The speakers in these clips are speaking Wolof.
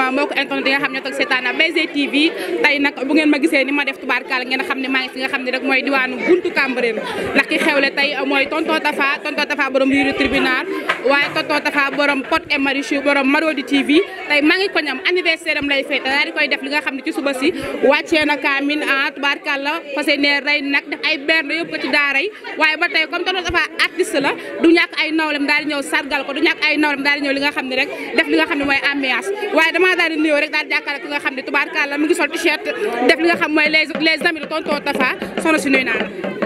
ma mbokk internet yi nga xam ne toog seetaan ni ma def tubaarkaal ngeen xam ne maa ngi fi nga xam ne rek mooy diwaanu buntu Cambérène ndax ki xewle tey mooy tonton Tafa tonton Tafa tribunal waaye tonton Tafa borom Pod et Marichou borom Marodi TV tey maa ngi ko ñam anniversaire lay fête daal di koy def li nga xam ne ci suba si wàccee na kaamin a ah, tubaarkaal la parce que ne rey def ay berne yëpp ko ci daaray waaye ba tey comme tonton Tafa artiste la du ñàkk damaa daal di nuyoo rek daal di jàkkaarloo ki nga xam ne tubaarkàlla mu ngi sol t-shirt def li nga xam mooy les les amis de tonton Tafa soxna si nuyu naa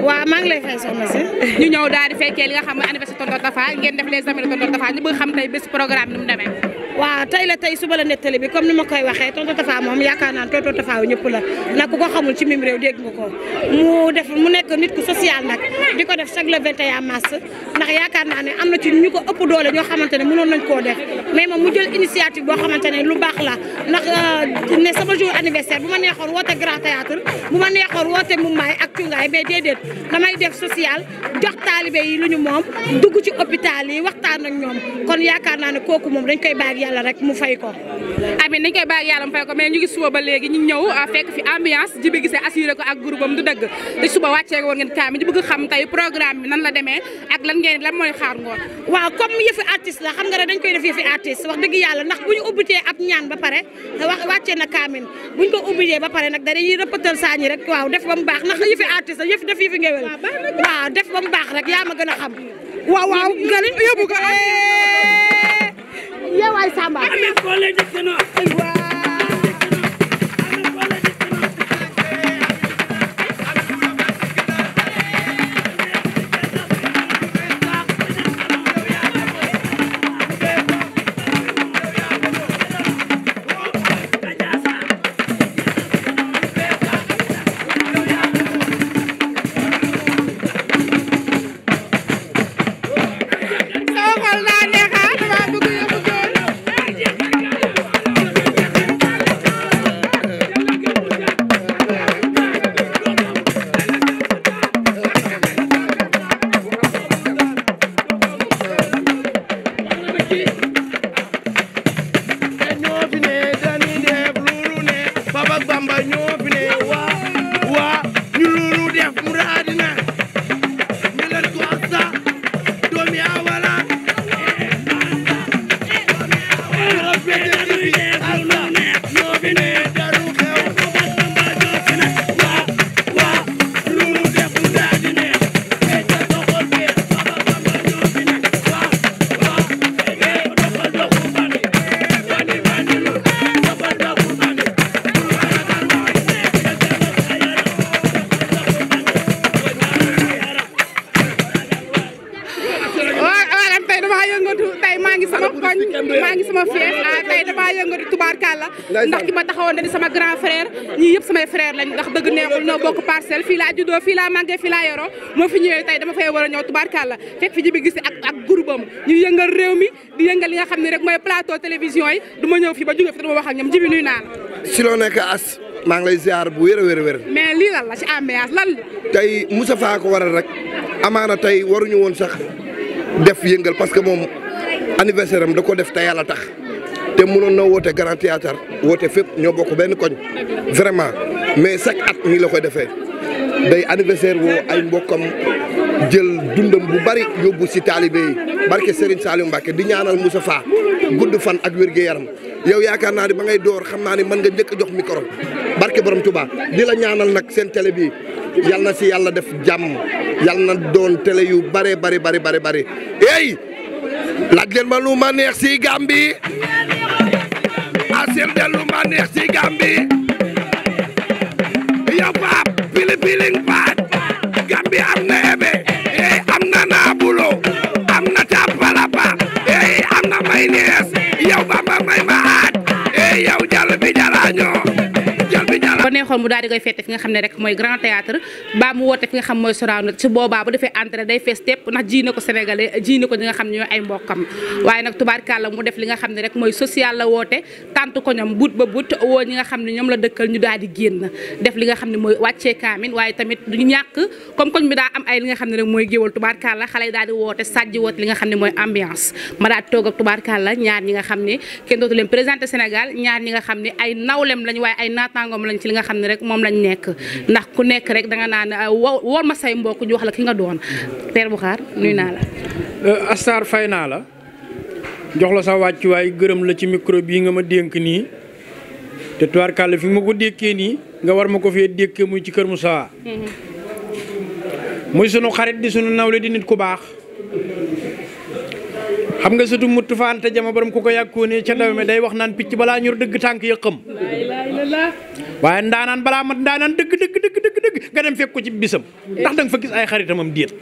la. maa ngi lay fay soxna si. ñu ñëw daal di fekkee nga xam mooy anniversaire tonton Tafa ngeen def les amis de tonton Tafa ñu bëgg xam tey bés programme ni mu waaw tey la tey suba la nettali bi comme ni ma koy waxee tonton Tafa moom yaakaar naa ne tonton Tafa wu ñëpp la nag ko xamul mim réew dégg nga ko mu def mu nekk nit ku social nag di ko def chaque le 21 mars ndax yaakaar naa ne am na ci ñu ko ëpp doole ñoo xamante ne mënoon nañ koo def mais moom mu jël initiative boo xamante ne lu baax la ndax euh, ne sama jour anniversaire bu ma neexoon woote grand théâtre bu ma neexoon woote Mumbaay ak Cungaay mais déedéet damay def social jox taalibe yi lu ñu moom dugg ci hôpital yi waxtaan ak ñoom kon yaakaar naa ne kooku moom dañ koy bàyyi yàlla rek mu fay ko amin nañ koy bàyyi yàlla mu fay ko mais ñu suba ba léegi ñu ñëw ah, fekk fi ambiance jibi gisee assuré ko ak groupe du dëgg te suba wàccee la demee ak nga rek dañ koy def yëfi artiste wax dëgg yàlla ndax bu ubbitee ab ñaan ba pare wax wàccee na kaamin buñ ko ubbitee ba pare nag dañuy rëppatal saañi rek waaw def ba mu baax ndax yëfi artiste la yëf def yëfi ngéwél def ba mu baax rek yaa ma gën a xam waaw waaw nga yóbbu ko eh. yee waay Samba. ngi sama koñ maa ngi sama fief ah tey damaa yëngatu tubaarkàlla ndax ki ma taxawoon dañu sama grand frère ñii yëpp samay frère lañ ndax dëgg neexul noo bokk parcelle fii laa juddoo fii laa màggee fii laa yoroo moo fi ñëwee tey dama fay war a ñëw tubaarkàlla fekk li nga xam ne rek mooy plateau télévision yi du ma ñëw fii ba jóge fi dama wax ak ñoom jibi nuy naa la si loo nekk as maa ngi lay ziar bu a wér a wér mais lii lan la si ambiance lan la tey Moussa Fa ko waral rek amaana tey waruñu woon sax def yëngal parce que moom anniversaire am da ko def te yàlla tax te mënoon na woote grand théâtre woote fépp ñoo bokk benn koñ vraiment mais chaque at nii la koy defee day anniversaire woo ay mbokkam jël dundam bu bari yóbbu si taalibe yi barke Serigne Saliou Mbacke di ñaanal Moussa Fa gudd fan ak wér yaram yow yaakaar naa ni ba ngay door xam naa ni mën nga njëkk a jox micro barke borom Touba di la ñaanal nag seen tele bi yal na si yàlla def jàmm yal na doon télé yu bare bare bare bare bare laaj leen ma lu ma neex ci Gàmbi asel del lu ma neex ci Gàmbi ya faap pili piling paat am na ebe eh, am na naabulo am na tapalapa eh, am na maynees neexoon mu daal di koy fête fi nga xam ne rek mooy grand théâtre baa mu woote fi nga xam mooy Sorano su boobaa bu defee entrée day fees tepp ndax ji ko sénégalais ji ko ñi nga xam ne ñoom la dëkkal ñu daal di génn def li nga xam ne mooy wàccee kaamin waaye tamit duñu ñàkk comme koñ bi daa am ay li nga xam ne rek mooy géwal tubaarkàlla xale yi di woote sàjji woote li nga xam ne mooy ambiance ma daal toog ak tubaarkàlla ñaar ñaar ñi nga xam ne ay xam ne rek moom lañ nekk ndax ku nekk rek danga naan ah, woor ma say mbokk ñu wax la ki nga doon Père xaar nuyu naa la. Euh, Astar fay naa la jox la sa wàccuwaay gërëm la ci micro bii nga ma dénk nii te tubaarkàlla fi ma ko dékkee nii nga war ma ko fee dékkee muy ci kër Moussa. Mm-hmm. muy sunu xarit di sunu nawle di nit ku baax. xam nga surtout muttu faante jama borom ku ko yàkkoonee ca ndaw mi mm-hmm. day wax naan picc balaa ñor dëgg tànk yëqam waaye ndaanaan balaa mat ndaanaan dëgg dëgg dëgg dëgg dëgg nga dem fekk ko ci bisam ndax da nga fa gis ay xaritamam déet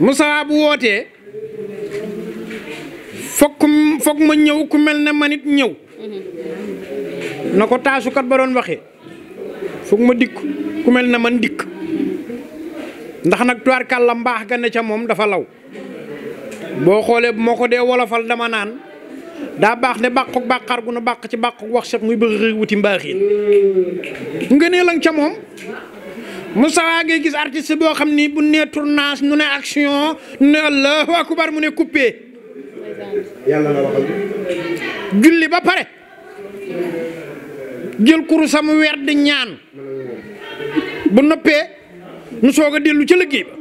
Moussa bu wootee fokk ma ñëw ku mel ne man it ñëw na ko taasukat ba doon waxee fokk ma dikk ku mel ne man dikk ndax nag tuwaarkàlla mbaax ga ne ca moom dafa law boo xoolee moo ko dee wolofal dama naan daa baax de bàquk bàqaar gu nu bàq ci bàquk wax muy bëgg wuti mbaaxiin ngënee lañ ca moom Moussa waa ngay gis artiste boo xam ni bu nee tournage nu ne action nu ne allahu akbar mu ne coupé yàlla la julli ba pare jël kuru sam weer di ñaan bu noppee nu soog a dellu ca liggéey ba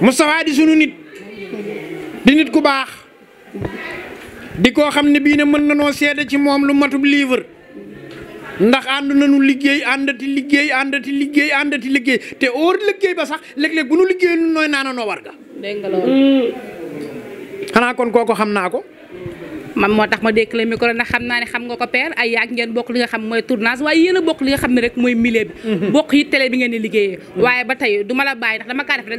Moussa di sunu nit di nit ku baax di koo xam ne bii ne mën na noo seede ci moom lu matub livre ndax ànd nañu liggéey àndati liggéey àndati liggéey àndati liggéey te óor liggéey ba sax léeg-léeg bu nu liggéey nu nooy naananoo war ga dégg nga loolu hmm. xanaa kon kooko xam naa ko man moo tax ma dékkale micro ndax xam naa ne xam nga ko père ay yaag ngeen bokk li nga xam mooy tournage waaye yéen a bokk li nga xam mhm. yi télé bi ngeen di liggéeyee waaye ba tey du ma la bàyyi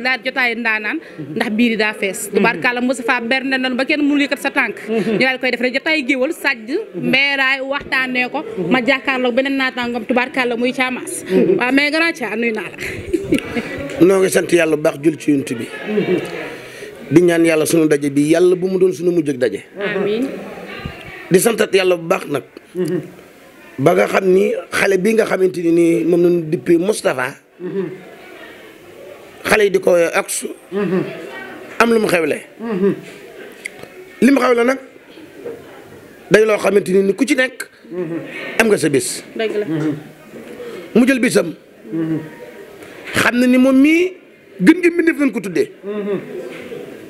daa jotaay ndaanaan ndax biir yi daa fees mhm. tubaarkàlla Moustapha berne nañu ba mhm. ko ma jàkkaarloog beneen naataangoom tubaarkàlla muy caamaas waaw mais grand caa nuyu naa la noo ngi sant yàlla bu baax jul ci yunt bi di ñaan yàlla sunu daje bi yàlla bu mu doon sunu mujj daje di santat yàlla bu baax nag. ba nga xam ni xale bii nga xamante ni nii moom na ñu dippee Moustapha. xale yi di ko aks am lu mu xewle. li mu xewle nag day loo xamante ni ku ci nekk. am nga sa bis. mu jël bisam. xam na ni moom mii gën gi mbindéef lañ ko tuddee.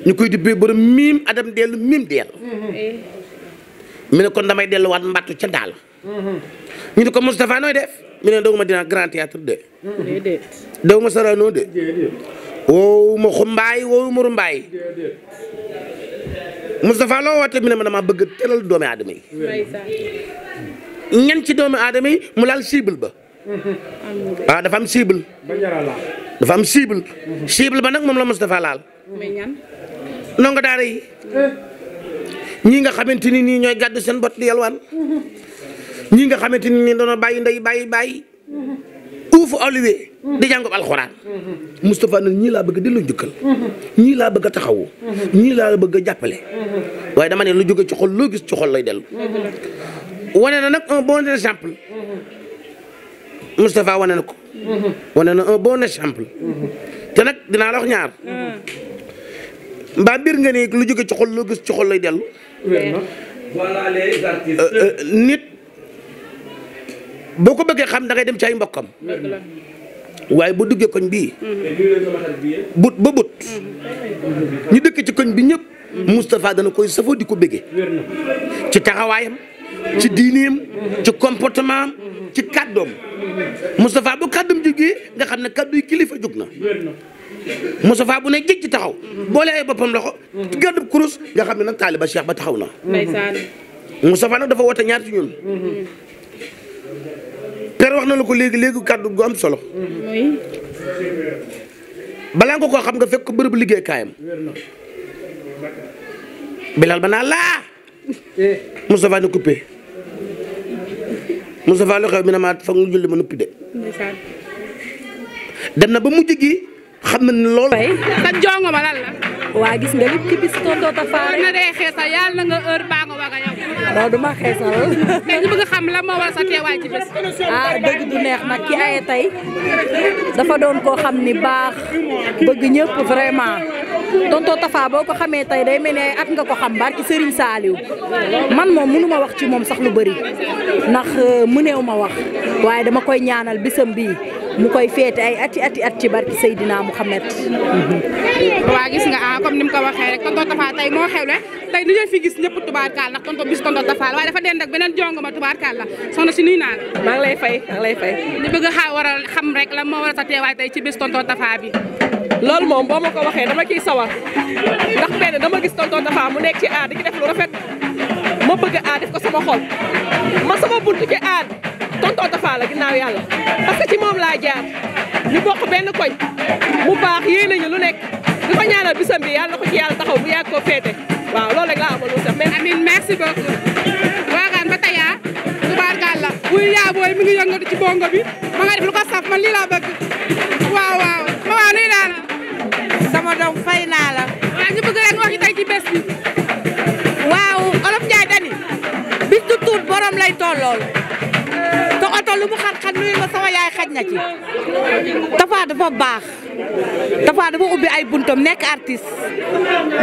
ñu koy dippee borom miim adam dellu miim deel eh. mu ne kon damay delluwaat mbattu ca daal. ñu ne ko Moustapha nooy def mu ne dawuma dinaa grand théâtre de. déedéet. dawuma Sorano de. déedéet. woowuma xumbaay woowuma rumbaay. déedéet. loo woote mu ne ma bëgg tëral doomi aadama ñan ci doomi aadama mu laal cible ba. Ah, dafa am cible. dafa am cible. cible ba nag moom la Moustapha laal. mais ñan. ñii nga xamante ni nii ñooy gàddu seen bot di yalwaan ñii nga xamante ni nii doona bàyyi ndey bàyyi bàyyi uufu aluwe di jàngub alxuraan Moustapha nag ñii laa bëgg delloo njukkal ñii laa bëgg a taxawu ñii laa bëgg a jàppale waaye dama ne lu jóge ci xol loo gis ci lay dellu wane na nag un bon exemple Moustapha wane na ko wane na un bon exemple te nag dinaa la wax ñaar mbaa mbir nga ne lu jóge ci xol loo gis ci lay dellu Euh, euh, nit boo ko bëggee xam dangay dem ci ay mbokkam. waaye bu duggee koñ bii. Mhm. but ba but. Mhm. ñu dëkk ci koñ bi ñëpp. Mhm. Moustapha dana koy safoo di ko bëggee. ci taxawaayam. ci diineem ci comportement am ci kàddoom Moustapha bu kàddoom jógee nga xam ne kàddu kilifa jóg na Moustapha bu ne jëj ci taxaw boole ay boppam loxo ci gàddu kurus nga xam ne nag taaliba Cheikh ba taxaw na Moustapha nag dafa woote ñaar ci ñun père wax na la ko léegi léegi kàddu gu am solo balaa nga koo xam nga fekk ko bërëb liggéey kaayam bilal ba naa laa Moustapha ne coupé Moustapha lu xew mi ne ma foog ñu julli ma noppi de. dem na ba mu gi xam na ne loolu. sa jongo ma lan waa gis nga lépp ki bis tonton Tafa rek. na dee xeesa yàlla na nga heure baa non duma ma xeesalal. tey ñu bëgg xam la moo war sa teewaay ci bés. ah dëgg du neex na ki aye tey dafa doon koo xam ni baax bëgg ñëpp vraiment tonton Tafa boo ko xamee tey day mel ni ay at nga ko xam barki Serigne Saliou man moom mënu ma wax ci moom sax lu bëri ndax euh, mëneew ma wax waaye dama koy ñaanal bisam bii. mu koy feete ay ati ati at ci barki Seydina Mouhamed. waa gis nga ah comme ni mu ko waxee rek tonton Tafa tey moo xewle tey ni ñu fi gis ñëpp tubaarkaal ndax tonton bis tonton Tafa waaye dafa dend beneen jongo ma tubaarkaal si nuyu naa la. lay fay maa ngi lay bëgg a war xam rek lan moo a sa tey ci bis tonton Tafa bi. lool moom boo ma ko waxee dama ciy sawar ndax benn dama gis tonton Tafa mu nekk ci aar di ci def lu rafet ma bëgg aar def ko sama xol man sama buntu ci aar. tonton Tafa la ginnaaw yàlla parce ci moom laa jaar bokk benn koñ mu baax yéene ñu lu nekk di ko ñaanal bisam bi yàlla na ko ci yàlla taxaw bu yàgg koo féete waaw loolu rek laa amoon lu sax mais amiin merci beaucoup waagaan ba taya ah. tubaarkàlla buy yaa booy mi ngi yëngatu ci bongo bi ma nga def lu ko saf man lii waaw waaw ma waaw nuyu naa sama doom fay naa la waaw ñu bëgg rek wax ci bés waaw olof Njaay dani bis du borom lay tollool oto xaj na ci Tapha dafa baax Tapha dafa ubbi ay buntam nekk artiste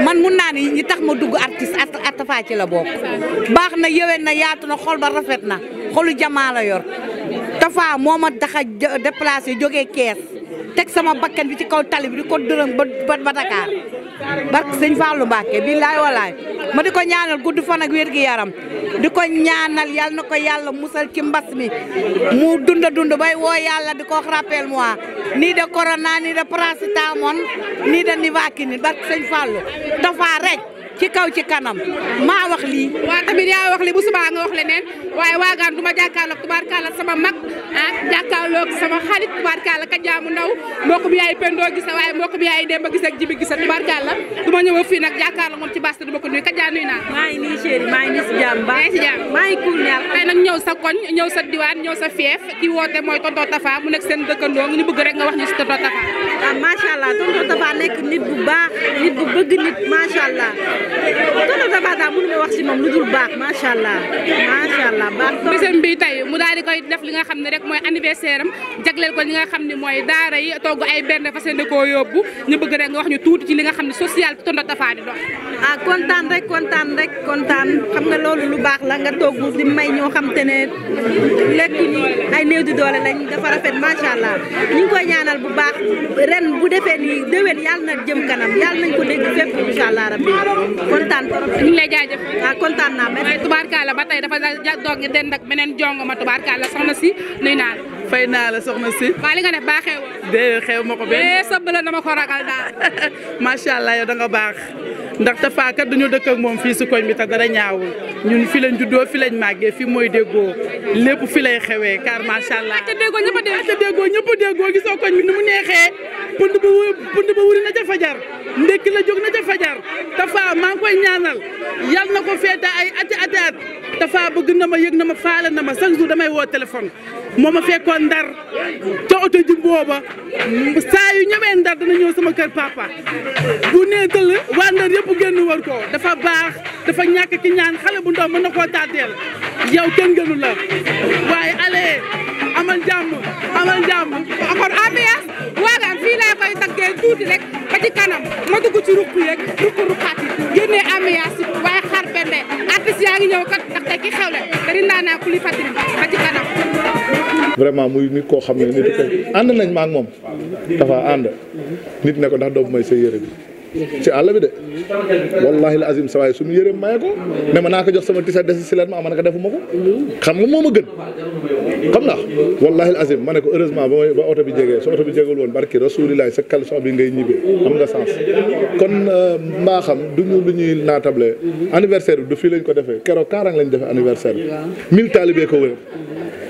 man mun naa ni ñu tax ma dugg artiste ak Tapha ci la bokk baax na yëwén na yaatu na xol ba rafet na xolu jamaa la yor Tapha moo ma daxa a déplacé jógee kees teg sama bakkan bi ci kaw tali bi di ko dërëm ba ba Dakar barke sëñ Fallou Mbacké billaay walaay ma di ko ñaanal gudd fan ak wér gi yaram di ko ñaanal yal na ko yàlla musal ci mbas mi mu dunda dund bay woo yàlla di ko rappel moi nii de corona nii de paracetamol nii de nivaquine barke sëñ Fallou dafa rek ci kaw ci kanam maa wax lii waa tamit yaa wax lii bu subaa nga wax leneen waaye waagaan du ma jàkkaarloog tubaarkaala sama mag ah jàkkaarloog sama xarit tubaarkaala ka jaamu ndaw mbokk bi yaay pendoo gisa waaye mbokk bi yaay demba gisa ak jibi gisa tubaarkaala du ma ñëw fii nag jàkkaarloog moom ci baas du ma ko nuyu ka jaa nuyu naa maa ngi nii chéri si jàmm maa ngi si jàmm nag ñëw sa koñ ñëw sa diwaan ñëw sa fief ki woote mooy tonto tafa mu nekk seen dëkkandoo ñu bëgg rek nga wax ñu si tonto tafa waaw macha allah bu baax nit bu bëgg tonton Daba Daba mënu ma wax si moom lu dul baax macha allah macha allah baax. bisam bi tey mu daal di koy def li nga xam ne rek mooy anniversaire am jagleel ko li nga xam ne mooy daara yi togg ay benn fas yéene koo yóbbu ñu bëgg rek nga wax ñu tuuti ci li nga xam ne social bi tonton Tafa di dox. ah rek kontaan rek kontaan xam nga loolu lu baax la nga togg di may ñoo xam te ne lekk ñi ay néew di doole lañ dafa rafet macha allah ñu koy ñaanal bu baax ren bu defee nii déwén yal na jëm kanam yàlla nañ ko dégg fépp incha allah rabbi kontaan trop ñu ngi lay jaajëfal waaw ah, kontaan naa tubaar waaye tubaarkalla ba tey dafa doog nga dend ak beneen jongo ma tubaarkalla soxna si nuyu naa fay naa la soxna si waa li nga ne baa xew de xew ma ko benn eh, sëb la dama ko ragal daal macha allah yow da nga baax ndax Tapha kat dañoo dëkk moom fii si koñ bi te dara ñaawul ñun fi lañ juddoo fi lañ màggee fi mooy déggoo lépp fi lay xewee car macha allah. te déggoo ñëpp déggoo ñëpp a déggoo gisoo koñ bi ni mu neexee pund ba wu pund ba wuri na ca fajar ndekki la jóg na ca fajar Tapha maa ngi koy ñaanal yal na ko feete ay ati ati at Tapha bëgg na ma yëg na ma faale na ma chaque jour damay woo téléphone. moo ma fekkoon ndar ca oto jumbo ba saa yu ñëwee ndar dana ñëw sama kër papa bu nee tëll waa ndar yëpp génn war ko dafa baax dafa ñàkk ki ñaan xale bu ndaw mën na koo tàtteel yow kenn gënu la waaye ale amal jàmm amal jàmm kon ambiance waagaan fii laa koy taggee tuuti rek ba ci kanam ci ruq yeeg ruq ruqaat yi génnee ambiance waaye xar bende artiste yaa ngi ñëw kat ndaxte ki xewle dari naa naa kuli fatiri ba ci vraiment muy nit koo xam ne nit ànd nañ ma ak moom dafa ànd nit ne ko ndax doobu may sa yére bi ci àll bi de wallahi la azim sa waay suñu yëreem maye ko ne ma naa ko jox sama tisa des si leen ma ma ne ko defuma ko xam nga moo ma gën xam ndax wallahi la azim ma ne ko heureusement ba ba oto bi jegee su oto bi jegul woon barki rasulilah sa caleçon bi ngay ñibbee xam nga sens kon euh, maa xam du duñu lu ñuy naatable anniversaire bi du fii lañ ko defee keroog kaarang lañ defee anniversaire bi mille taalibe ko wër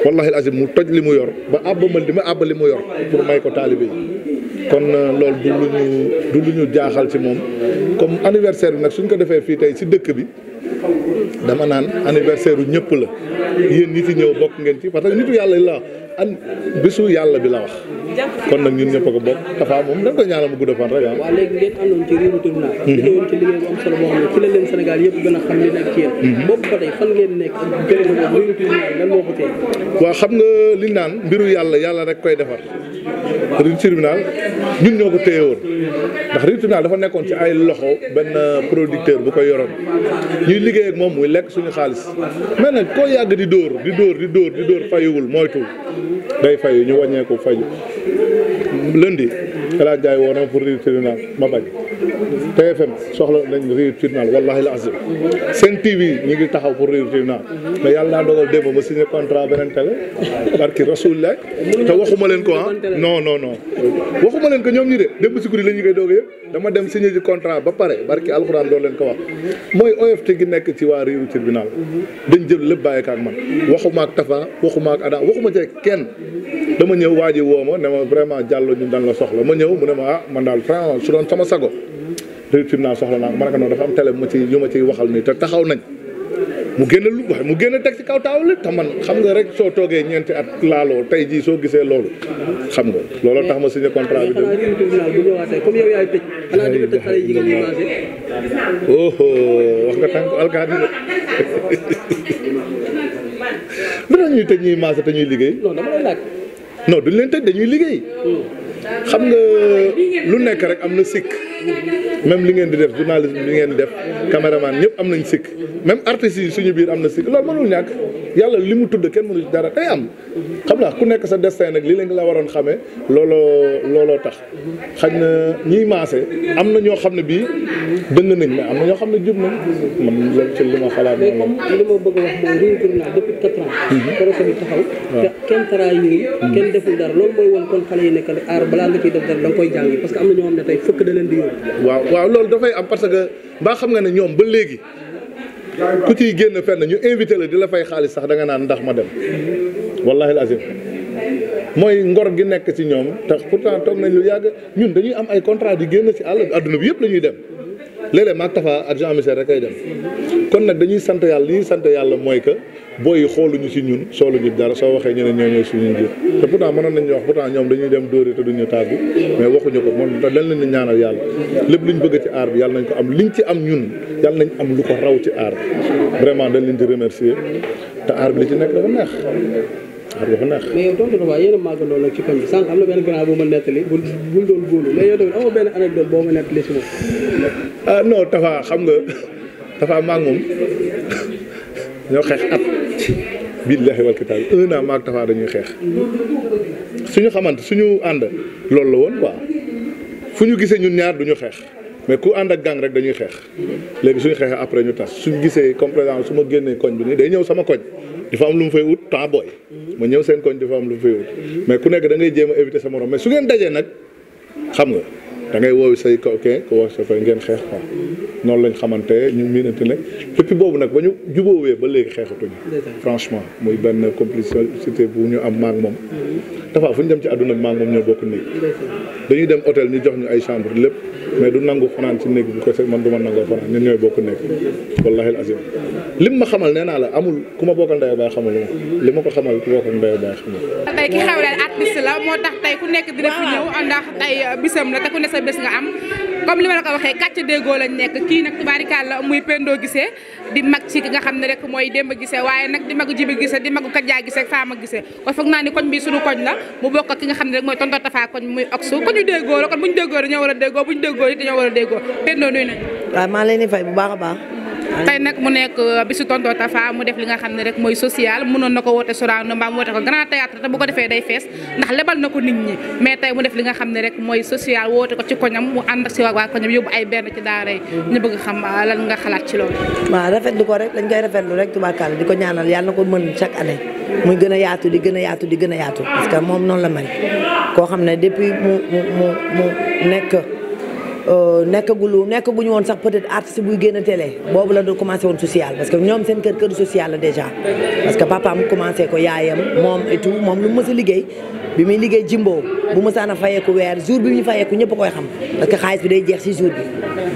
wallahi la mu toj li mu yor ba àbba ma di ma àbba li mu yor pour may ko taalibe yi kon euh, loolu du lu ñu du lu ñu jaaxal ci moom comme anniversaire bi nag suñ ko defee fii tey ci dëkk bi dama naan anniversaire u ñëpp la yéen ñi ci ñëw bokk ngeen ci parce que nitu yàlla laa an bésu yàlla bi la wax. kon nag ñun ñëpp a ko bokk Tafa moom da nga koy ñaanal mu gudd fan rek ah. léegi ngeen àndoon ci mhm. ci liggéey bu am la leen Sénégal yëpp gën a xam li nekk ci yéen. Mhm. boobu ba tey fan ngeen nekk ak béréb boobu réewu tournage xam nga li naan mbiru yàlla yàlla rek koy defar. tribunal ñun ñoo ko téye woon ndax Rive naa dafa nekkoon ci ay loxo benn producteur bu ko yoroon ñuy liggéey ak moom muy lekk suñu xaalis mais nag koo yàgg di dóor di dóor di dóor di dóor fayuwul moytul day fayu ñu wàññeeku fayu lundi El Hadj Ndiaye woo na pour réer tribunal ma bañ TFM soxla nañ réer tribunal wallahi la azim seen TV ñu ngi taxaw pour réer tribunal mais yàlla naa dogal démb ma signé contrat beneen télé barki rasulillah te waxuma leen ko ah non non non waxuma leen ko ñoom ñi de démb si guddi la ñu koy doog yëpp dama dem signé contrat ba pare barki alxuraan doon leen ko wax mooy OFT gi nekk ci waa réeru tribunal dañ jël lépp bàyyi ko ak man waxuma ak Tafa waxuma dama ñëw waa ji woo ma ne ma vraiment Diallo ñu dan la soxla ma ñëw mu ne ma ah man daal franc su doon sama sago réutim naa soxla naa ko ma ne noonu dafa am télé bu ma ci yu ma ciy waxal nii te taxaw nañ mu génn lu wax mu génn teg ci kaw taawul te man xam nga rek soo toogee ñeenti at laaloo tey jii soo gisee loolu xam nga looloo tax ma signé contrat bi oho wax nga tànk alkaati la lu tax ñuy tëj ñuy maase te ñuy liggéey non duñ leen tëj dañuy liggéey xam nga lu nekk rek am na sikk même li ngeen di def journalisme li ngeen def caméraman ñëpp am nañ sikk même artistes yi suñu biir am na sikk loolu mënul ñàkk yàlla li mu tudd kenn mënul dara tey am xam naa ku nekk sa destin nag li leen la waroon xamee looloo looloo tax xaj na ñiy maase na ñoo xam ne bii dëng nañ mais am na ñoo xam ne jub nañ man loolu ci li ma xalaat mais comme li ma bëgg a wax mooy réew tourna depuis quatre ans mhm. projet bi taxaw mhm. kenn deful dara loolu mooy woon kon xale yi nekk aar balaa nga ciy def dara koy jàngi parce que am na ñoo xam ne tey fëkk da di waaw waaw loolu dafay am parce que mbaa xam nga ne ñoom ba léegi ku ci génn fenn ñu invité la di la fay xaalis sax da nga naan ndax ma dem wallahi alazim mooy ngor gi nekk ci ñoom tax pourtant toog nañ lu yàgg ñun dañuy am ay contrat di génn ci àll àdduna bi yëpp lañuy dem léeg-léeg maag Tafa ak rek ay dem kon nag dañuy sant yàlla li ñuy sant yàlla mooy que booy yi xooluñu si ñun sooluñu dara soo waxee ñu ne ñoo ñooy wax pourtant ñoom dañuy dem dóori te duñu tàggu mais waxuñu ko moom dañ leen di ñaanal yàlla lépp luñ bëgg ci aar bi yàlla nañ ko am liñ ñun yàlla ko raw ci aar bi vraiment dañ leen di remercier te aar bi li ci na waa yéen a màggandoo nag ci am na benn grand bu ma nettali bu bu doon góolu mais yow tamit amoo benn boo ma nettali si moom. ah non xam nga dafa am moom ñoo xeex at billahi wal kitaab un an maag Tafa dañuy xeex su ñu xamante suñu ànd loolu la woon waaw fu ñu gisee ñun ñaar duñu xeex mais ku ànd ak gang rek dañuy xeex léegi suñu xeexee après ñu tas suñu gisee comme par su ma génnee koñ bi nii day ñëw sama koñ fa am lu mu fay wut temps booy ma ñëw seen koñ dafa am lu mu fay wut mais ku nekk da ngay jéem a éviter sa morom mais su ngeen dajee nag xam nga da ngay woowu say ko ke ko wax sa koy ngeen xeex quoi noonu lañ xamante ñu miinante nag depuis boobu nag ba ñu jubóowee ba léegi xeexatuñu franchement muy benn complicité bu ñu am maag moom mm-hmm. dafa fu ñu dem ci adduna bi maag moom ñoo bokk néeg dañuy dem hôtel ñu jox ñu ay chambre lépp mais du nangu fanaan ci néeg bu ko man du ma nangoo fanaan ñun ñooy bokk nekk wallahi al lim ma xamal nee naa la amul ku ma bokkal ndey baay xamal li ma ko xamal ku bokkal ndey baay xamal tey ki xewleel artiste sa bés nga am comme li ma la waxee kàcc déggoo lañ nekk kii nag tubaarikàlla muy Pendo Guissé di mag ci ki nga xam ne rek mooy Demba Guissé waaye nag di magu Jibi Guissé di magu Kadja Guissé Fama Guissé kon foog naa ni koñ bi suñu koñ la mu bokk ki nga xam ne rek mooy tonton Tafa koñ muy Oksu koñu déggoo la kon buñ déggoo dañoo war a déggoo buñ déggoo dañoo war a déggoo Pendo nuyu nañ waaw maa leen di fay bu baax a baax tey nag mu nekk uh, bisu tonton Tafa mu def li nga xam ne rek mooy social mënoon na ko woote Sorano mbaa mu woote ko grand théâtre te bu ko defee day fees ndax lebal na ko nit ñi mais tey mu def li nga xam ne rek mooy social woote ko ci koñam mu ànd si waa koñam yóbbu ay benn ci daara yi ñu bëgg xam uh, nga xalaat ci loolu waaw ko rek dañ koy rafetlu rek tubaarkàlla di ko ñaanal yàlla na ko mën chaque année muy gën a yaatu di gën a yaatu di gën a yaatu parce que moom noonu la mel koo xam ne depuis mu mu mu mu nekk Euh, nekkagulu nekkaguñu woon sax peut-être buy génn télé boobu la doon commencé social parce que ñoom seen kër kër social la déjà. parce que papaam commencé ko yaayam moom et moom lu mu mës a liggéey bi muy liggéey jimbo bu mësaan a fayeeku weer jour bi muy fayeeku ñëpp koy xam parce que xaalis bi day jeex ci jour bi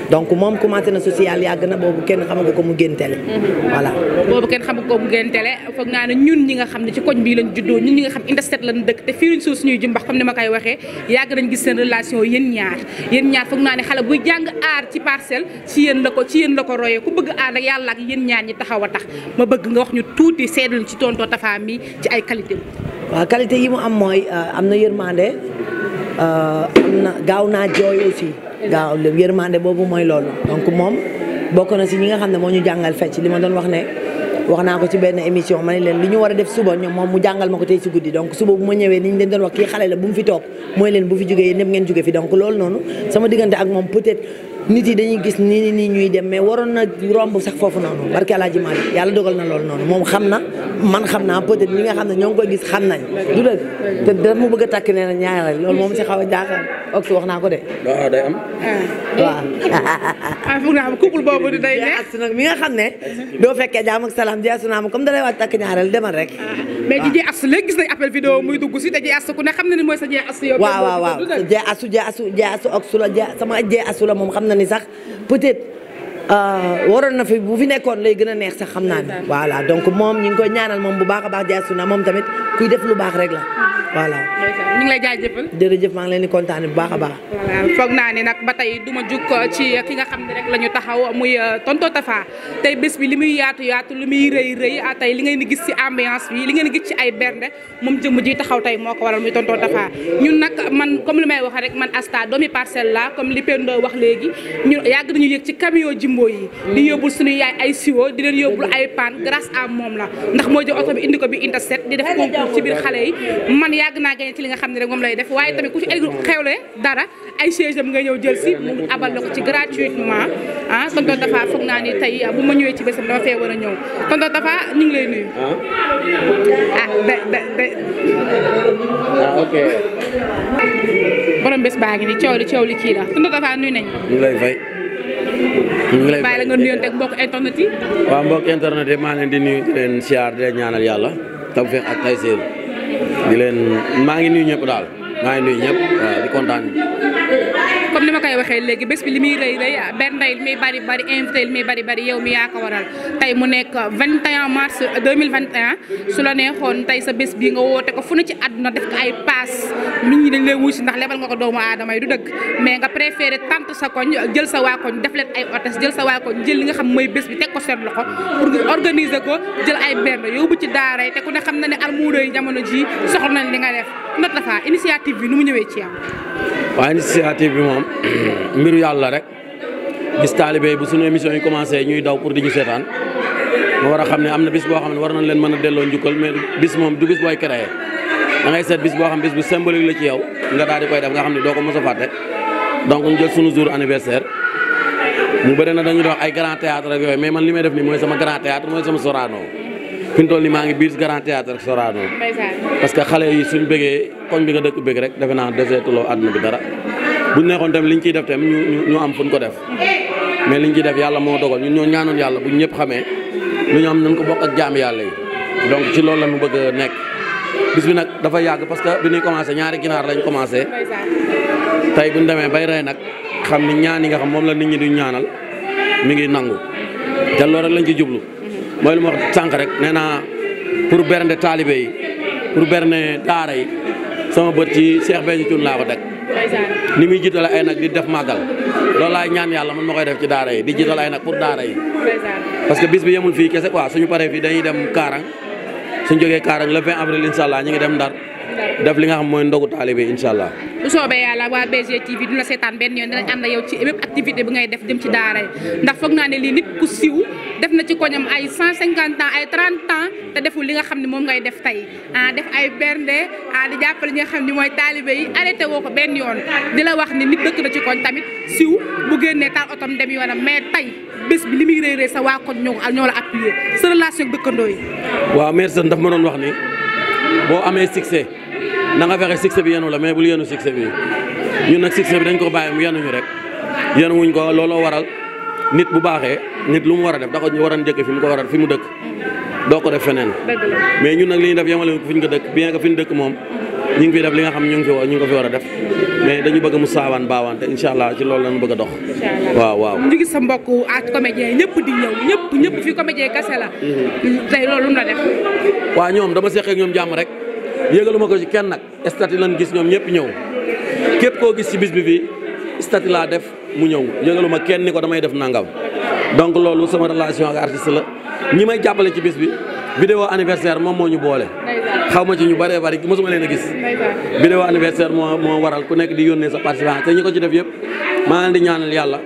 donc moom commencé na social yàgg na boobu kenn xamagu ko mu génn télé. voilà boobu kenn xamagu ko mu génn télé foog naa ne ñun ñi nga xam ne ci koñ bii lañ juddoo ñun ñi xale buy jàng aar ci parcel ci yéen la ko ci yéen la ko royee ku bëgg aar ak yàlla ak yéen ñaar ñi taxaw a tax ma bëgg nga wax ñu tuuti seedal ci tonton Tapha mi ci ay qualité waaw qualité yi mu am mooy euh, am na yërmande euh, am na gaaw naa jooy aussi gaaw yërmande boobu mooy loolu donc moom bokk na si ñi nga xam ne moo ñu jàngal fecc li ma doon wax ne wax naa ko ci benn émission ma ne leen li ñu war a def suba ñoom moom mu jàngal ma ko tey ci guddi donc suba bu ma ñëwee ni ñu leen doon wax kii xale la bu mu fi toog mooy leen bu fi jógee yéen ñëpp ngeen jóge fi donc loolu noonu sama diggante ak moom peut nit yi dañuy gis nii nii ñuy dem mais waroon na romb sax foofu noonu barke El Hadj Malick yàlla dogal na loolu noonu moom xam na man xam naa peut être ñi xam ne ñoo ngi koy gis xam nañ du dëgg te da mu bëgg a takk nee na moom xaw a jaaxal ok wax naa ko de. waaw ah, day am. waaw. ah, ah foog naa boobu day neex nag mi nga xam ne. doo fekkee jaam ak salaam naa ma comme da lay waaj takk ñaareel demal rek. Ah, mais ji jee as gis nañ appel vidéo muy dugg si te jee as ku ne xam na ni mooy sa jee as yow. waaw waaw waaw asu jee asu jee ak su la jee sama jee asu la moom xam na ni sax peut-être Euh, waroon na fi bu fi nekkoon lay gën a neex sax xam naa ne voilà donc moom ñu ngi koy ñaanal moom bu baax a baax jaay suna moom tamit kuy def lu baax rek la voilà. ñu ngi lay jaajëfal. jërëjëf maa a ba tey du ma jug ci ki la ñu taxaw muy euh, tonto Tafa tey bi li muy yaatu yaatu li muy rëy rëy ah, tey li ngeen di gis ci ambiance bi li ngeen di gis ci ay bernde moom jëmm ji taxaw tey moo ko waral muy tonto Tafa ñun nag man comme li may wax rek man asta doomi parcelle la comme li Pendo wax léegi ñun a nañu yëg ci camion jimbo méngoo yi mm. di yóbbul suñu yaay ay siwo di leen yóbbul ay paan grâce à moom la ndax moo jël oto bi indi ko bi inta set di def concours ci biir xale yi man yàgg naa gañe ci li nga xam ne rek moom lay def waaye tamit ku ci xewle dara ay siège am nga ñëw jël si mu abal la ko ci gratuitement ah tonton Tafa foog naa ni tey bu ma ñëwee ci bésam dafa fee war a ñëw tonton dafa ñu ngi lay nuyu ah da ah, da ah, baa ngi ni coow li li kii la tonton nañ ñu ngi lay bàyyi internet waaw mbokk internet yi maa leen di nuyu di leen siyaar di leen ñaanal yàlla tawfeex ak tayseer di leen maa ngi nuyu ñëpp daal maa ngi nuyu ñëpp di kontaan koy waxee léegi bés bi li muy rey rëy benn yi li muy bari bari invité yi muy bari bari yow mi yaa ko waral tey mu nekk 21 mars 2021 su la neexoon tey sa bés bii nga woote ko fu ne ci àdduna def ko ay paas nit ñi dañ lay wuy si ndax lebal nga ko doomu aadama yi du dëgg mais nga préféré tant sa koñ jël sa waa koñ def leen ay hôtesse jël sa waa jël li nga xam mooy bés bi teg ko seen loxo pour organiser ko jël ay benn yóbbu ci daara yi te ku ne xam na ne almuudo yi jamono ji soxla nañ li nga def not dafa initiative bi nu mu ñëwee ci yow waaye initiative bi moom mbiru yàlla rek gis taalibe bu sunu émission yi commencé ñuy daw pour di ñu seetaan nga war a xam ne am na bis boo xam ne war nañ leen mën a delloo njukkal mais bis moom du bis booy créé da ngay seet bis boo xam ne bis bu symbolique la ci yow nga daal di koy def nga xam ne doo ko mos a fàtte donc ñu sunu jour anniversaire mu bëri na dañu dox ay grand théâtre ak yooyu mais man li may def nii mooy sama grand théâtre mooy sam Sorano fi mu toll maa ngi biir Grand Théâtre rek Sorano parce que xale yi suñ bëggee koñ bi nga dëkk bëgg rek defe naa deseetuloo àdduna bi dara buñ nekkoon tamit liñ ciy def tamit ñu ñu am fuñ ko def mais liñ ciy def yàlla moo dogal ñun ñoo ñaanoon yàlla buñ ñëpp xamee lu ñu am nañ ko bokk ak jaam yàlla yi donc ci loolu la mu bëgg nekk bis bi nag dafa yàgg parce que bi ñuy commencé ñaari ginaar lañ commencé tey bu ñu demee bay rey nag xam ni ñaan yi nga xam moom la nit ñi duñ ñaanal mi ngi nangu te loolu rek lañ ci jublu mooy lu ma wax sànq rek nee naa pour bernde taalibe yi pour bernde daara yi sama bët ci Cheikh Béthio Thioune laa ko teg ni muy jiitale ay nag di def màggal loolu laay ñaan yàlla man ma koy def ci daara yi di jiital ay nag pour daara parce que bis bi yemul fii kese quoi suñu paree fii dañuy dem Kaarang suñ jógee Kaarang le 20 avril incha allah ñu ngi dem Ndar def li nga xam mooy ndogu taalibe incha allah bu soobee yàlla waa BG TV du la seetaan benn yoon dinañ ànd yow ci bépp activité bu ngay def jëm ci daara yi ndax foog naa ne lii nit ku siw def na ci koñam ay 150 ans ay 30 ans te deful li nga xam ne moom ngay def tey ah def ay bernde ah di jàppale ñi nga xam ni mooy taalibe yi arrêté woo ko benn yoon di la wax ni nit dëkk na ci koñ tamit siw bu génnee taal otom dem yoonam mais tey bés bi li muy réy réy sa waa koñ ñoo ñoo la appuyé sa relation ak dëkkandoo yi waaw merci daf ma doon wax ni boo amee succès nanga nga fexe succès bi yenu la mais bul yenu succès bi ñun nag succès bi dañ ko bàyyi mu yenuñu rek yenu wuñ ko looloo waral nit bu baaxee nit lu mu war a def da ko war a njëkk fi mu ko waral fi mu dëkk doo ko def feneen mais ñun nag li def yemale ko fi ñu ko que fi ñu dëkk moom ñu ngi fi def li nga xam ñu ngi fi ñu ko fi war a def mais dañu bëgg mu saawaan baawante incha allah ci loolu lañu bëgg a dox waaw waaw ñu sa mbokk ak comédien ñëpp ñëpp ñëpp fi comédien kase la mhm. tey loolu lu ñoom dama seq ñoom jàmm rek yëgaluma ko ci kenn nag statut lan gis ñoom ñëpp ñëw képp koo gis ci bis bi fii statut laa def mu ñëw yëgaluma kenn ni ko damay def nangam donc loolu sama relation ak artiste la ñi may jàppale ci bis bi vidéo anniversaire moom moo ñu boole xaw ma ci ñu bëree bëri mosuma leen a gis vidéo anniversaire moo moo waral ku nekk di yónnee sa participant te ñi ko ci def yëpp maa ngi di ñaanal yàlla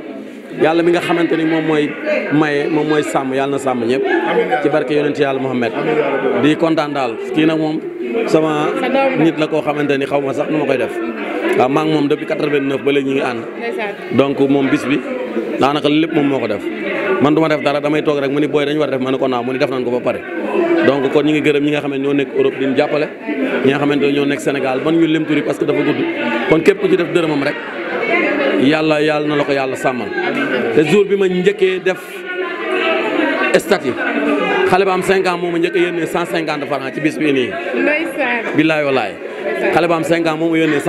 yàlla mi nga xamante ni moom mooy maye moom mooy sàmm yàlla na sàmm ñëpp ci barke yonent yàlla Muhammad di kontaan daal kii nag moom sama nit la koo xamante ni xaw ma sax nu ma koy def waaw maa ngi moom depuis quatre vingt bis bi daanaka lépp man du def dara damay toog rek mu ni booy dañu war a def ma ne ko naa mu ni def nañ ko ba pare donc kon ñi ngi gërëm ñi nga xam ne ñoo nekk Europe di jàppale ñi xamante ñoo nekk Sénégal ban ñu lim parce que dafa gudd kon képp ci def dërëmam rek yàlla yàlla na la ko yàlla sàmmal te jour bi ma njëkkee def statut xale ba am 5 ans moo ma njëkk a yónnee 150 ci bis bii nii. ndeysaan billaay walaay. xale ba am 5 ans moo ma yónnee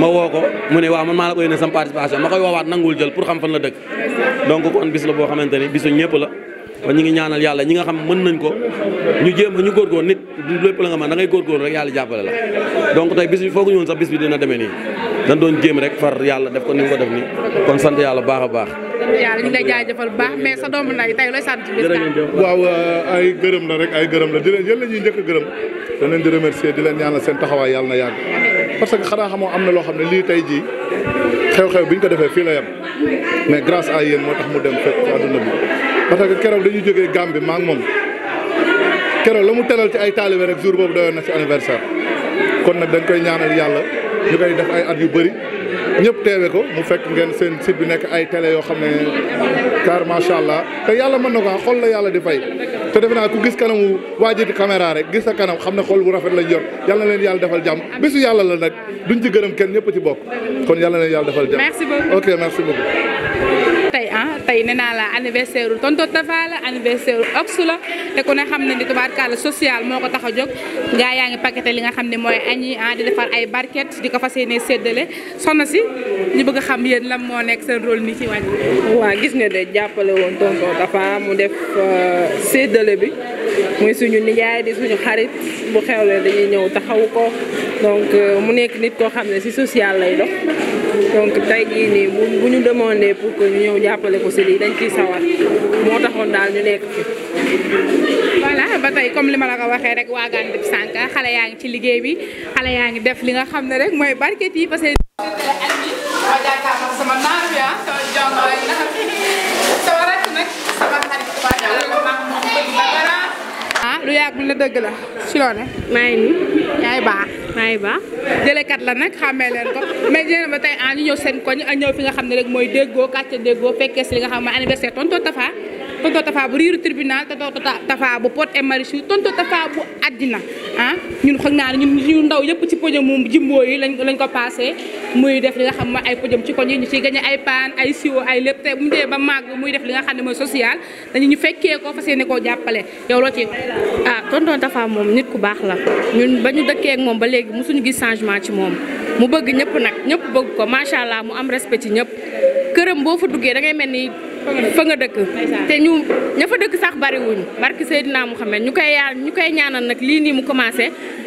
ma woo ko mu ne waaw man maa la ko yónnee sama participation ma koy woowaat nanguwul jël pour xam fan la dëkk. donc kon bis la boo xamante ni bisu ñëpp la. kon ñu ngi ñaanal yàlla ñi nga xam mën nañ ko ñu jéem ñu góorgóor nit lépp la nga man da ngay góorgóor rek yàlla jàppale la donc tey bis bi fooguñu woon sax bis bi dina dañ doon jéem rek far yàlla def ko ni mu ko def nii kon sant yàlla baax a baax. yàlla ñu ngi lay jaajëfal baax mais sa doomu nday tey looy sant ci bés waaw euh, gërëm la rek ay gërëm la di leen yéen ñuy njëkk a gërëm dañ leen di remercier di leen ñaanal seen taxawaay yàlla na yàgg parce que xanaa xamoo am na loo xam ne lii tey jii xew-xew bi ñu ko defee fii la yem mais grâce à yéen moo tax dem fépp parce que keroog dañuy jógee Gambie maa ngi moom keroog la mu teral ci ay taalibe rek jour boobu doyoon na ci anniversaire kon nag dañ koy ñaanal yàlla ñu koy def ay at yu bëri ñëpp teewe ko mu fekk ngeen seen site bi nekk ay télé yoo xam ne car macha allah te yàlla mën na ko xol la yàlla di fay te defe naa ku gis kanamu waa ji di caméra rek gis sa kanam xam ne xol bu rafet lañ yor yàlla leen yàlla defal jàmm bésu yàlla la nag duñ ci gërëm kenn ñëpp ci bokk kon yàlla na leen yàlla defal jàmm. merci beaucoup ok merci beaucoup. tey ah tey nee naa la anniversaire u tonton Tafa la anniversaire u la te ku ne xam ne ni tubaarkàlla social moo ko tax a jóg gaa yaa ngi paqueté li nga xam ne mooy añi ah di defar ay barket di ko fas yéene séddale soxna si ñu bëgg xam yéen lan moo nekk seen rôle nii ci wàññi. waaw gis nga de jàppale woon tonton Tafa mu def euh, seddale bi muy suñu nijaay di suñu xarit bu xewle dañuy ñëw taxaw ko donc euh, mu nekk nit koo xam ne si social lay dox. donc tey jii nii bu bu ñu demandé pour que ñu ñëw jàppale ko si lii dañ ciy sawar moo taxoon daal ñu nekk fi. ba tey comme li ma la ko waxee rek waa Gane Dip xale yaa ngi ci liggéey bi xale yaa ngi def li nga xam ne rek mooy barket yi parce que. sama naar bi ah lu yàgg la dëgg la si loo ne. nii. yaay baax. maa baax. jëlekat la nag xàmmee leen ko mais jëlee ba tey ah ñu ñëw seen koñ ak ah, ñëw fi nga xam ne rek mooy déggoo kàcce déggoo fekkee si li nga xam ne mooy anniversaire tonton Tafa. tonton Tafa bu riiru tribunal tonton Tafa bu Pod et Marichou tonton Tafa bu àddina ah, ñun xoog naa ne ñu ndaw yëpp ci podium mu jimboo yi lañ lañ ko paasee. muy def li nga xam mooy ay podium ci koñ yi ñu ciy gagné ay paan ay siwo ay lépp te bu dee ba màgg muy def li nga xam ne mooy social dañu ñu fekkee ko fas yéene koo jàppale yow loo ci ah tonton Tafa moom nit ku baax la ñun ba ñu dëkkee moom ba léegi mosuñu gis changement ci moom mu bëgg ñëpp nag ñëpp bëgg ko macha allah mu am respect ci ñëpp këram boo fa duggee da ngay mel ni fa nga dëkk te ñu ña fa dëkk sax bariwuñ barki Seydina Mouhamed ñu koy yàlla ñu koy ñaanal nag lii nii mu commencé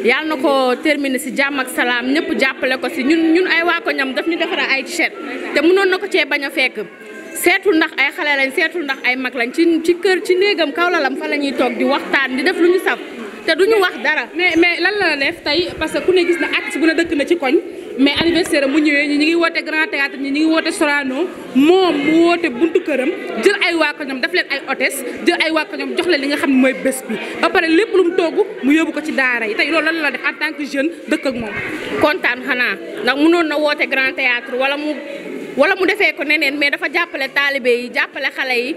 yàlla na ko terminer si jàmm ak salaam ñëpp jàppale ko si ñun ñun ay waa koñam ñam daf ñu defaree ay t te mënoon na ko cee bañ a fekk seetul ndax ay xale lañ seetul ndax ay mag lañ ci ci kër ci néegam kaw lalam fa la ñuy toog di waxtaan di def lu ñu saf te duñu wax dara mais mais lan la def tey parce que ku ne gis na at bu na dëkk na ci koñ mais anniversaire am mu ñëwee ñi ñu ngi woote Grand Théâtre ñi ñu ngi woote Sorano moom mu woote buntu këram jël ay waa koñom daf leen ay hôtesse jël ay waa koñom jox leen li nga xam ne mooy bés bi ba pare lépp lu mu togg mu yóbbu ko ci daara yi tey lool lan la def en tant jeune dëkk ak moom. kontaan xanaa ndax mënoon na woote Grand Théâtre wala mu wala mu defee ko neneen mais dafa jàppale taalibe yi jàppale xale yi.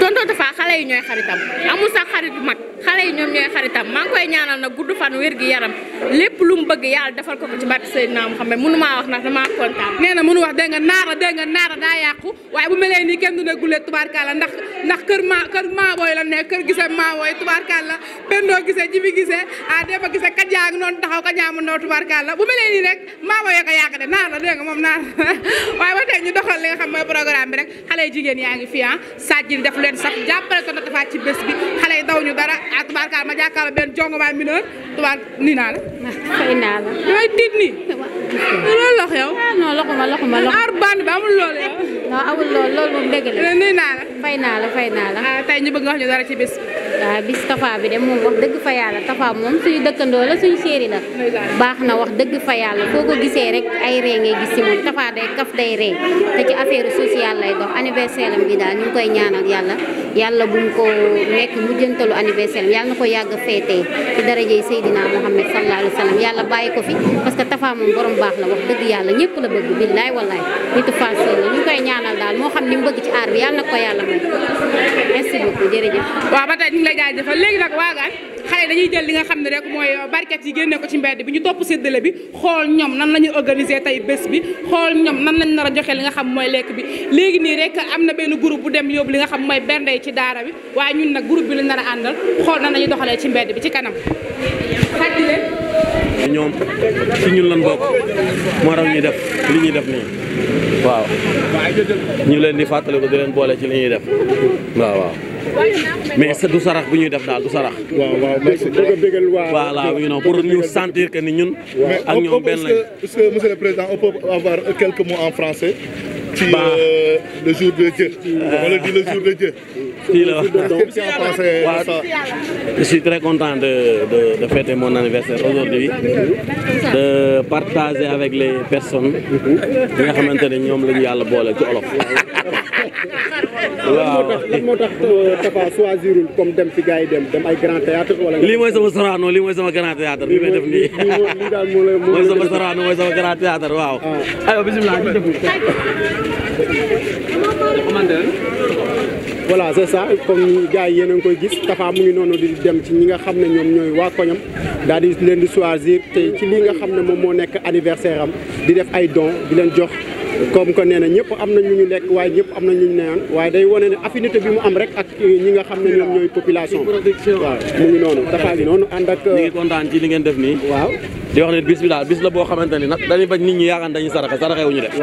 tonton Tafa xale yi ñooy xaritam amul sax xarit bu mag xale yi ñoom ñooy xaritam maa ngi koy ñaanal nag gudd fan wér gi yaram lépp lu mu bëgg yàlla defal ko ko ci barke Seydina Muhammad mënu maa wax nag damaa kontaan. nee na mënu wax dégg nga naara dégg nga naara daa yàqu waaye bu melee nii kenn du ne gulee ndax ndax kër ma kër maabooy la nekk kër gisee maabooy tubaarkàlla pendoo gisee jibi gisee ah dema gisee kajaa ngi noonu taxaw kajaa mu ndaw tubaarkàlla bu melee nii rek maabooy ko yàq de naara dégg nga moom naara waaye ba tey ñu doxal li nga xam mooy programme bi rek xale jigéen yaa ngi fi ah sàjji def leen sax jàppale ko Tata Faty ci bés bi xale yi daw ñu dara ak ah, tubaarkaar ma jàkkaarloo benn jongomaay mineur tubaar nii naa la. fay naa la. damay tiit nii. loolu ah, lox yow. non loxuma la. nii naa la. fay naa la fay naa la. ah ñu bëgg nga wax ñu dara ci bés bi. Ah, bis Tafa bi de moom wax dëgg fa yàlla Tafa moom suñu dëkkandoo la suñu séeri la. baax na wax dëgg fa yàlla foo ko gisee rek ay ree ngay gis ci moom Tafa day kaf day ree te ci affaire sociale lay dox anniversaire am bi daal ñu koy ñaanal yàlla yàlla bu mu ko nekk mujjantalu anniversaire yàlla na ko yàgg a ci darajey Seydina Muhammad sallallahu alayhi yàlla bàyyi ko fi parce que Tafa moom borom baax la wax dëgg yàlla ñëpp la bëgg billaay wallaay nitu Fass la ñu koy ñaanal daal moo xam ni mu bëgg ci aar bi yàlla na ko yàlla may merci beaucoup jërëjëf. waaw ba tey ñu la lay jaajëfal léegi nag waagaan xale dañuy jël li nga xam ne rek mooy euh, barket yi génne ko ci mbedd bi ñu topp séddale bi xool ñoom nan la ñu organiser tey bés bi xool ñoom nan lañ nar a joxee li nga xam mooy lekk bi léegi nii rek am na benn group bu dem yóbbu li nga xam mooy bernde ci daara bi waaye ñun nag groupe bi lañ nar a àndal xool nan la doxalee ci mbedd bi ci kanam ñoom ci ñun lan bokk moo tax ñuy def li ñuy def nii waaw ñu leen di fàttaliku di leen boole ci li ñuy def waaw waaw mais est-ce du sarax bu ñuy def daal du sarax. waaw waaw merci pour ñu sentir que ni ñun. ak ñoom benn lañu est-ce que monsieur le président on peut avoir quelques ci euh, le jour de Dieu. wala di le jour de Dieu. fii la waaw je suis très content de de de fêter mon anniversaire aujourd'hui de partager avec les personnes. yi mhm. xamante ne ñoom la yàlla boole ci olof. waaw moo tax Tapha euh, choisirul comme dem ci gars yi dem dem ay grand théâtre wala. lii mooy sama Sorano lii mooy sama grand théâtre bi moo lay mooy sama Sorano mooy sama grand théâtre waaw. Ah. aywa ça comme gars yi yéen a ngi koy gis Tapha mu ngi noonu di dem ci ñi nga xam ne ñoom ñooy waa koñam daal di leen di choisir te ci lii nga xam ne moom moo nekk anniversaire am di def ay don di leen jox. comme que nee na ñëpp am nañ ñu ñu lekk waaye ñëpp am na lu ñu naan waaye day wone ne affinité bi mu am rek ak ñi nga xam ne ñoom ñooy population waaw mu ngi noonu dafa ngi noonu ànd ak ñu ngi kontaan ci li ngeen def nii waaw di wax ne bis bi daal bis la boo xamante ni nag dañuy bañ nit ñi yaakaar dañuy saraxe saraxe wu ñu def